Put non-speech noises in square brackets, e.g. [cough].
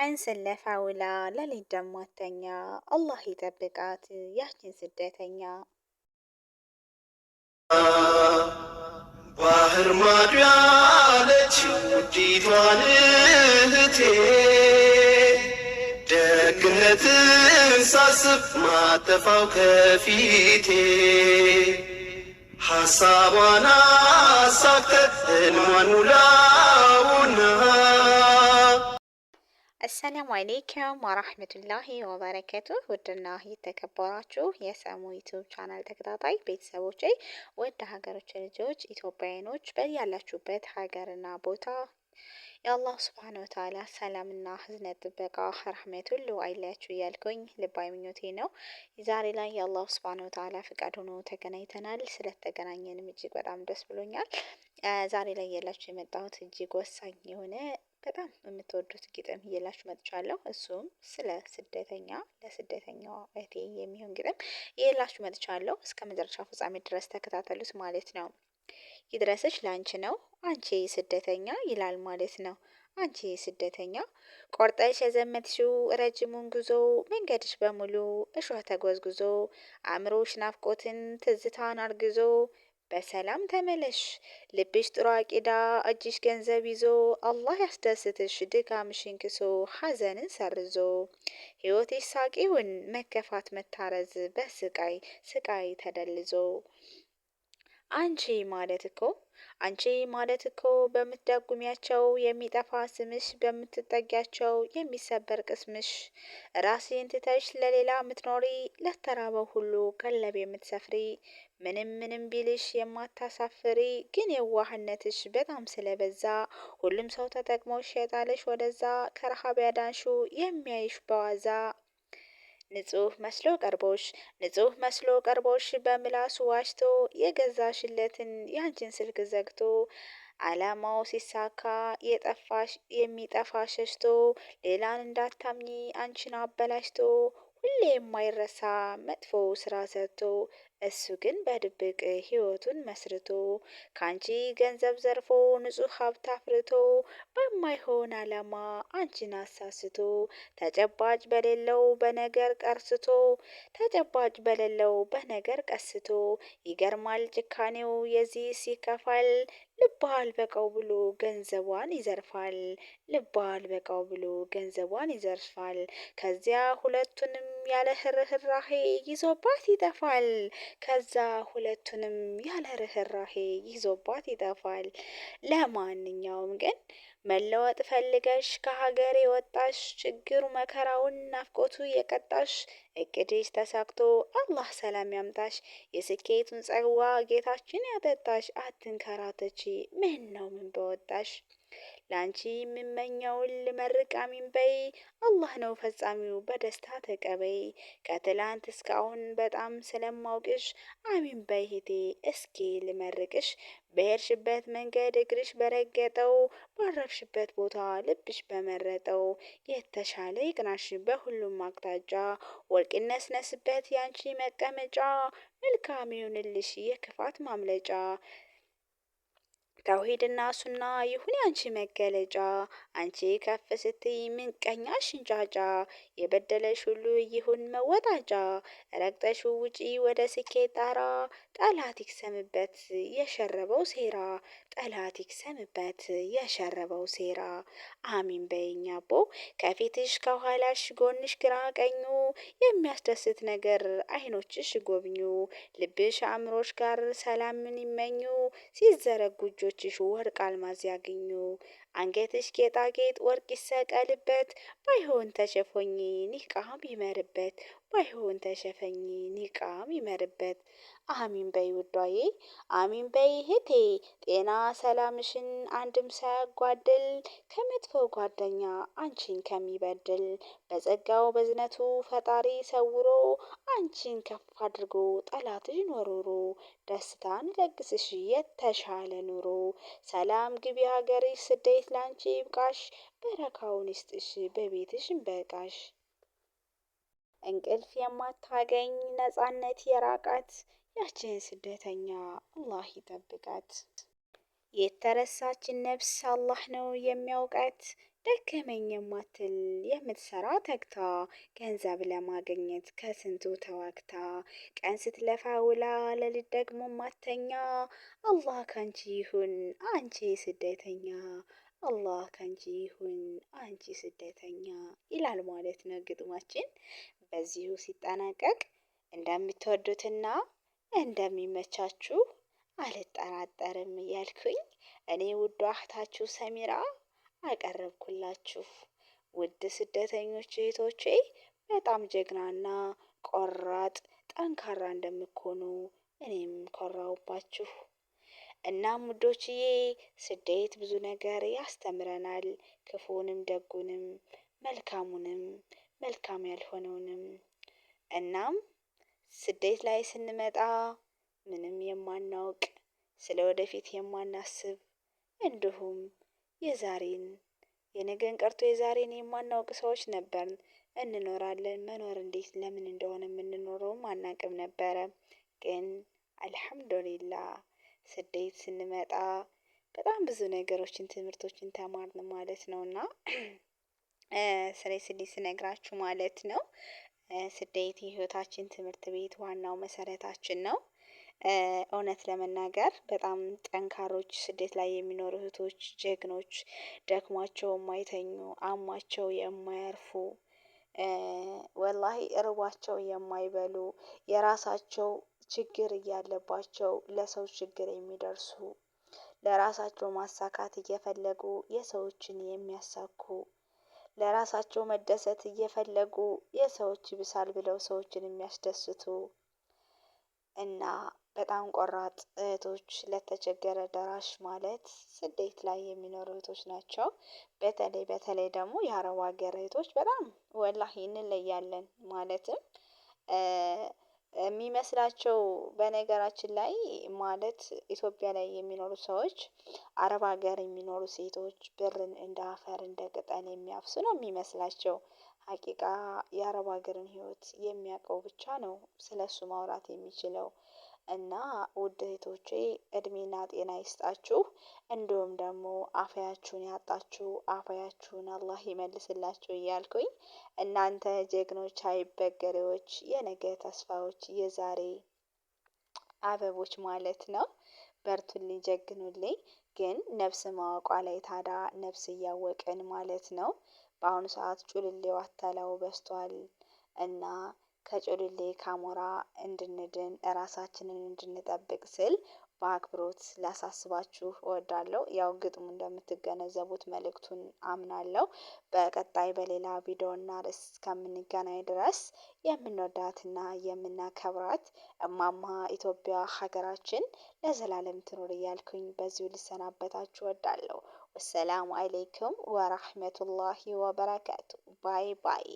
ቀን ስለፋ ውላ ለሊት ደሞ አተኛ፣ አላህ ይጠብቃት ያችን ስደተኛ። ባህር ማዶ ያለች ውዲቷን እህቴ ደግነትን ሳስብ ማጠፋው ከፊቴ ሐሳቧን አሳክተ እንሟን ሙላውና አሰላሙ አሌይኩም ወራህመቱላሂ ወበረከቱ። ውድና የተከበራችሁ የሰሙ ዩቱብ ቻናል ተከታታይ ቤተሰቦች ወደ ሀገሮች ልጆች ኢትዮጵያውያኖች በያላችሁበት ሀገርና ቦታ የአላህ ስብሓን ወተዓላ ሰላምና ህዝነት ጥበቃ ረህመት ሁሉ አይለያችሁ እያልኩኝ ልባዊ ምኞቴ ነው። ዛሬ ላይ የአላህ ስብሓን ወተዓላ ፍቃድ ሆኖ ተገናኝተናል። ስለተገናኘንም እጅግ በጣም ደስ ብሎኛል። ዛሬ ላይ ያላችሁ የመጣሁት እጅግ ወሳኝ የሆነ በጣም የምትወዱት ግጥም እየላችሁ መጥቻለሁ። እሱም ስለ ስደተኛ ለስደተኛ እህቴ የሚሆን ግጥም እየላችሁ መጥቻለሁ። እስከ መጨረሻ ፍጻሜ ድረስ ተከታተሉት ማለት ነው። ይድረሰች ለአንቺ ነው አንቺ ስደተኛ ይላል ማለት ነው። አንቺ ስደተኛ ቆርጠሽ የዘመትሽው ረጅሙን ጉዞ መንገድሽ በሙሉ እሾህ ተጎዝጉዞ አእምሮሽ ናፍቆትን ትዝታን አርግዞ በሰላም ተመለሽ። ልብሽ ጥሩ አቂዳ፣ እጅሽ ገንዘብ ይዞ፣ አላህ ያስደስትሽ ድካምሽን ክሶ፣ ሐዘንን ሰርዞ። ሕይወትሽ ሳቂውን መከፋት መታረዝ፣ በስቃይ ስቃይ ተደልዞ አንቺ ማለት እኮ አንቺ ማለት እኮ በምትደጉሚያቸው የሚጠፋ ስምሽ በምትጠጊያቸው የሚሰበር ቅስምሽ ራስሽን ትተሽ ለሌላ የምትኖሪ ለተራበው ሁሉ ቀለብ የምትሰፍሪ ምንም ምንም ቢልሽ የማታሳፍሪ ግን የዋህነትሽ በጣም ስለበዛ ሁሉም ሰው ተጠቅሞሽ የጣለሽ ወደዛ ከረሃብ ያዳንሹ የሚያይሽ በዋዛ ንጹህ መስሎ ቀርቦሽ ንጹህ መስሎ ቀርቦሽ በምላሱ ዋሽቶ የገዛሽለትን ያንቺን ስልክ ዘግቶ አላማው ሲሳካ የጠፋሽ የሚጠፋ ሸሽቶ ሌላን እንዳታምኚ አንቺን አበላሽቶ ሁሌ የማይረሳ መጥፎ ስራ ሰርቶ እሱ ግን በድብቅ ህይወቱን መስርቶ ከአንቺ ገንዘብ ዘርፎ ንጹህ ሀብት አፍርቶ በማይሆን አላማ አንቺን አሳስቶ ተጨባጭ በሌለው በነገር ቀርስቶ ተጨባጭ በሌለው በነገር ቀስቶ ይገርማል ጭካኔው የዚህ ሲከፋል ልባል በቀው ብሎ ገንዘቧን ይዘርፋል ልባል በቀው ብሎ ገንዘቧን ይዘርፋል ከዚያ ሁለቱንም ያለ ርህራሄ ይዞባት ይጠፋል። ከዛ ሁለቱንም ያለ ርህራሄ ይዞባት ይጠፋል። ለማንኛውም ግን መለወጥ ፈልገሽ ከሀገር የወጣሽ ችግሩ መከራውን ናፍቆቱ የቀጣሽ እቅድሽ ተሳክቶ አላህ ሰላም ያምጣሽ የስኬቱን ጸዋ ጌታችን ያጠጣሽ አትንከራተች ምን ነው ምን በወጣሽ ላንቺ የምመኘውን ልመርቅ አሚን በይ አላህ ነው ፈጻሚው በደስታ ተቀበይ ከትላንት እስካሁን በጣም ስለማውቅሽ አሚን በይ እህቴ እስኪ ልመርቅሽ በሄድሽበት መንገድ እግርሽ በረገጠው ባረፍሽበት ቦታ ልብሽ በመረጠው የተሻለ ይቅናሽ በሁሉም አቅጣጫ ወርቅነስ ነስበት ያንቺ መቀመጫ መልካም ይሁንልሽ የክፋት ማምለጫ ተውሂድና ሱና ይሁን አንቺ መገለጫ አንቺ ከፍ ስትይ ምንቀኛ ሽንጫጫ የበደለሽ ሁሉ ይሁን መወጣጫ ረግጠሽው ውጪ ወደ ስኬት ጣራ ጠላት ይክሰምበት የሸረበው ሴራ ጠላት ይክሰምበት የሸረበው ሴራ አሚን በይኛ አቦ ከፊትሽ ከኋላሽ ጎንሽ ግራ ቀኙ የሚያስደስት ነገር አይኖችሽ ይጎብኙ ልብሽ አእምሮሽ ጋር ሰላምን ይመኙ ሲዘረጉ እጆች እጆችሽ ወርቅ አልማዝ ያገኙ አንገትሽ ጌጣጌጥ ወርቅ ይሰቀልበት፣ ባይሆን ተሸፈኚ ኒቃም ይመርበት፣ ባይሆን ተሸፈኚ ኒቃም ይመርበት። አሚን በይ ውዷዬ አሚን በይ እህቴ ጤና ሰላምሽን አንድም ሳያጓድል ከመጥፎ ጓደኛ አንቺን ከሚበድል በጸጋው በዝነቱ ፈጣሪ ሰውሮ አንቺን ከፍ አድርጎ ጠላትሽን ወርውሮ ደስታን ለግስሽ የተሻለ ኑሮ ሰላም ግቢ ሀገርሽ ስደት ላንቺ ይብቃሽ በረካውን ይስጥሽ በቤትሽን በቃሽ እንቅልፍ የማታገኝ ነጻነት የራቃት ያችን ስደተኛ አላህ ይጠብቃት። የተረሳችን ነፍስ አላህ ነው የሚያውቃት። ደከመኝ የማትል የምትሰራ ተግታ ገንዘብ ለማግኘት ከስንቱ ተዋግታ ቀን ስትለፋ ውላ ለሊት ደግሞ ማተኛ። አላህ ካንቺ ይሁን አንቺ ስደተኛ፣ አላህ ካንቺ ይሁን አንቺ ስደተኛ ይላል ማለት ነው ግጥማችን። በዚሁ ሲጠናቀቅ እንደምትወዱትና እንደሚመቻችሁ አልጠራጠርም እያልኩኝ እኔ ውዷ እህታችሁ ሰሚራ አቀረብኩላችሁ። ውድ ስደተኞች እህቶቼ በጣም ጀግናና ቆራጥ ጠንካራ እንደምትሆኑ እኔም ኮራውባችሁ እናም ውዶችዬ ስደት ብዙ ነገር ያስተምረናል። ክፉንም፣ ደጉንም፣ መልካሙንም መልካም ያልሆነውንም እናም ስደት ላይ ስንመጣ ምንም የማናውቅ ስለ ወደፊት የማናስብ እንዲሁም የዛሬን የነገን ቀርቶ የዛሬን የማናውቅ ሰዎች ነበርን። እንኖራለን መኖር እንዴት ለምን እንደሆነ የምንኖረውም አናቅም ነበረ። ግን አልሐምዱሊላ ስደት ስንመጣ በጣም ብዙ ነገሮችን ትምህርቶችን ተማርን ማለት ነው። እና [clears throat] ስለ ስደት ስነግራችሁ ማለት ነው ስደት የህይወታችን ትምህርት ቤት ዋናው መሰረታችን ነው። እውነት ለመናገር በጣም ጠንካሮች ስደት ላይ የሚኖሩ እህቶች ጀግኖች ደክሟቸው የማይተኙ አሟቸው የማያርፉ ወላሂ እርቧቸው የማይበሉ የራሳቸው ችግር እያለባቸው ለሰው ችግር የሚደርሱ ለራሳቸው ማሳካት እየፈለጉ የሰዎችን የሚያሳኩ ለራሳቸው መደሰት እየፈለጉ የሰዎች ይብሳል ብለው ሰዎችን የሚያስደስቱ እና በጣም ቆራጥ እህቶች ለተቸገረ ደራሽ ማለት ስደት ላይ የሚኖሩ እህቶች ናቸው። በተለይ በተለይ ደግሞ የአረብ ሀገር እህቶች በጣም ወላሂ እንለያለን ማለትም የሚመስላቸው በነገራችን ላይ ማለት ኢትዮጵያ ላይ የሚኖሩ ሰዎች አረብ ሀገር የሚኖሩ ሴቶች ብርን እንደ አፈር እንደ ቅጠል የሚያፍሱ ነው የሚመስላቸው ሀቂቃ የአረብ ሀገርን ህይወት የሚያውቀው ብቻ ነው ስለሱ ማውራት የሚችለው እና ውድ እህቶቼ እድሜና ጤና ይስጣችሁ። እንዲሁም ደግሞ አፋያችሁን ያጣችሁ አፋያችሁን አላህ ይመልስላችሁ እያልኩኝ እናንተ ጀግኖች፣ አይበገሬዎች፣ የነገ ተስፋዎች፣ የዛሬ አበቦች ማለት ነው። በርቱልኝ፣ ጀግኑልኝ። ግን ነፍስ ማወቋ ላይ ታዳ ነፍስ እያወቅን ማለት ነው። በአሁኑ ሰዓት ጩልሌው አታላው በስቷል እና ከጮሌሌ ካሞራ እንድንድን ራሳችንን እንድንጠብቅ ስል በአክብሮት ላሳስባችሁ እወዳለሁ። ያው ግጥሙ እንደምትገነዘቡት መልእክቱን አምናለሁ። በቀጣይ በሌላ ቪዲዮና ርዕስ እስከምንገናኝ ድረስ የምንወዳትና የምናከብራት እማማ ኢትዮጵያ ሀገራችን ለዘላለም ትኑር እያልኩኝ በዚሁ ልሰናበታችሁ እወዳለሁ። ወሰላሙ አሌይኩም ወራህመቱላሂ ወበረካቱ። ባይ ባይ